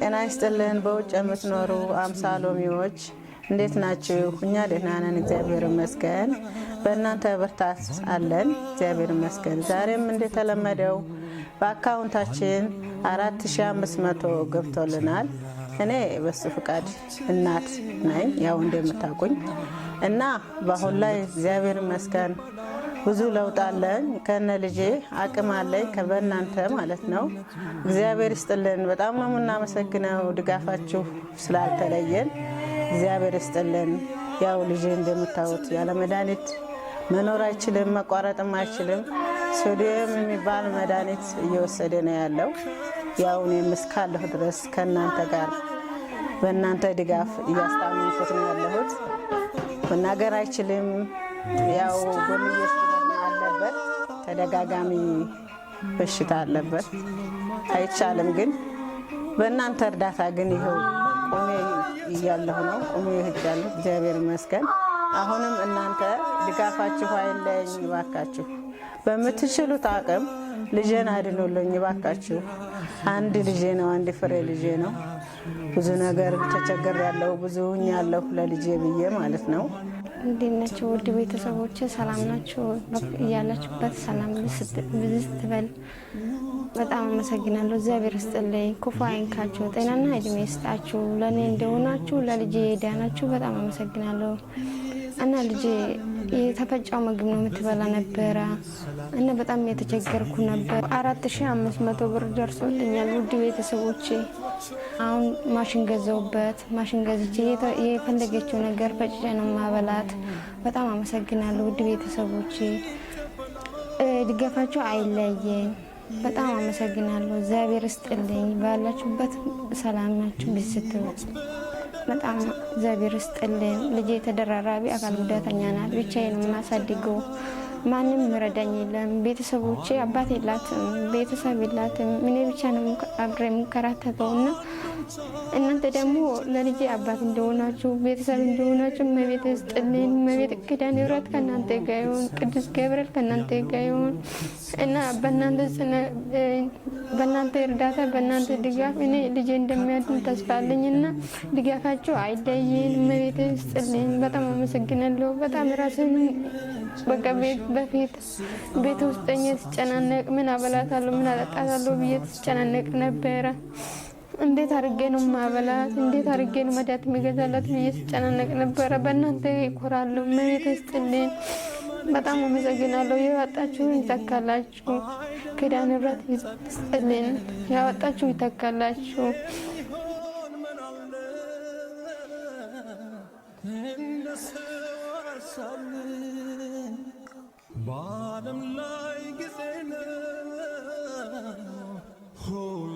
ጤና ይስጥልን። በውጭ የምትኖሩ አምሳ ሎሚዎች እንዴት ናችሁ? እኛ ደህና ነን፣ እግዚአብሔር ይመስገን። በእናንተ ብርታት አለን፣ እግዚአብሔር ይመስገን። ዛሬም እንደተለመደው በአካውንታችን አራት ሺ አምስት መቶ ገብቶልናል። እኔ በሱ ፍቃድ እናት ነኝ፣ ያው እንደምታውቁኝ እና በአሁን ላይ እግዚአብሔር ይመስገን ብዙ ለውጥ አለኝ ከነ ልጄ አቅም አለኝ በእናንተ ማለት ነው። እግዚአብሔር ይስጥልን። በጣም ነው የምናመሰግነው ድጋፋችሁ ስላልተለየን እግዚአብሔር ይስጥልን። ያው ልጄ እንደምታዩት ያለ መድኃኒት መኖር አይችልም፣ መቋረጥም አይችልም። ሶዲየም የሚባል መድኃኒት እየወሰደ ነው ያለው። ያው እኔም እስካለሁ ድረስ ከእናንተ ጋር በእናንተ ድጋፍ እያስታመንኩት ነው ያለሁት። መናገር አይችልም ያው አለበት፣ ተደጋጋሚ በሽታ አለበት፣ አይቻልም። ግን በእናንተ እርዳታ ግን ይኸው ቁሜ እያለሁ ነው ቁሜ ይህጃለሁ። እግዚአብሔር ይመስገን። አሁንም እናንተ ድጋፋችሁ አይለኝ ይባካችሁ። በምትችሉት አቅም ልጄን አድኖለኝ ይባካችሁ። አንድ ልጄ ነው፣ አንድ ፍሬ ልጄ ነው። ብዙ ነገር ተቸገር ያለው ብዙ ያለሁ ለልጄ ብዬ ማለት ነው። እንዴት ናችሁ ውድ ቤተሰቦች፣ ሰላም ናችሁ? እያላችሁበት ሰላም ብዝት በጣም አመሰግናለሁ። እግዚአብሔር ይስጥልኝ፣ ክፉ አይንካችሁ፣ ጤናና እድሜ ይስጣችሁ። ለእኔ እንደሆናችሁ ለልጄ ዳናችሁ፣ በጣም አመሰግናለሁ እና ልጄ የተፈጫው ምግብ ነው የምትበላ ነበረ እና በጣም የተቸገርኩ ነበር። አራት ሺ አምስት መቶ ብር ደርሶልኛል። ውድ ቤተሰቦቼ አሁን ማሽን ገዘውበት ማሽን ገዝቼ የፈለገችው ነገር ፈጭቼ ነው ማበላት። በጣም አመሰግናለሁ ውድ ቤተሰቦቼ፣ ድጋፋቸው አይለየኝ። በጣም አመሰግናለሁ። እግዚአብሔር ስጥልኝ። ባላችሁበት ሰላም ናችሁ። በጣም እግዚአብሔር ይስጥልኝ። ልጄ ተደራራቢ አካል ጉዳተኛ ናት። ብቻዬን የማሳድገው ማንም ይረዳኝ የለም። ቤተሰቦቼ አባት የላትም፣ ቤተሰብ የላትም። እኔ ብቻ ነው አብሬ የምከራተተው እና እናንተ ደግሞ ለልጄ አባት እንደሆናችሁ ቤተሰብ እንደሆናችሁ መቤት ስጥልን። መቤት ኪዳነ ምሕረት ከእናንተ ጋር ይሁን፣ ቅዱስ ገብርኤል ከእናንተ ጋር ይሁን እና በእናንተ ጽነ በእናንተ እርዳታ በእናንተ ድጋፍ እኔ ልጄ እንደሚያድን ተስፋ አለኝ እና ድጋፋችሁ አይለየን። መቤት ስጥልን። በጣም አመሰግናለሁ። በጣም ራሴ በቃ ቤት በፊት ቤት ውስጥ ስጨናነቅ ምን አበላታለሁ ምን አጠጣታለሁ ብዬ ስጨናነቅ ነበረ። እንዴት አድርጌ ነው ማበላት፣ እንዴት አድርጌ ነው መዳት የሚገዛላት ብዬ ስጨናነቅ ነበረ። በእናንተ ይኮራለሁ። መሬት ይስጥልኝ። በጣም አመሰግናለሁ። ያወጣችሁ ይተካላችሁ። ኪዳነ ምሕረት ይስጥልን። ያወጣችሁ ይተካላችሁ። Sen በዓለም ላይ ጊዜ ነው